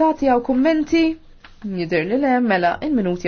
Tati għaw kummenti, nidir li le, mela, il-minuti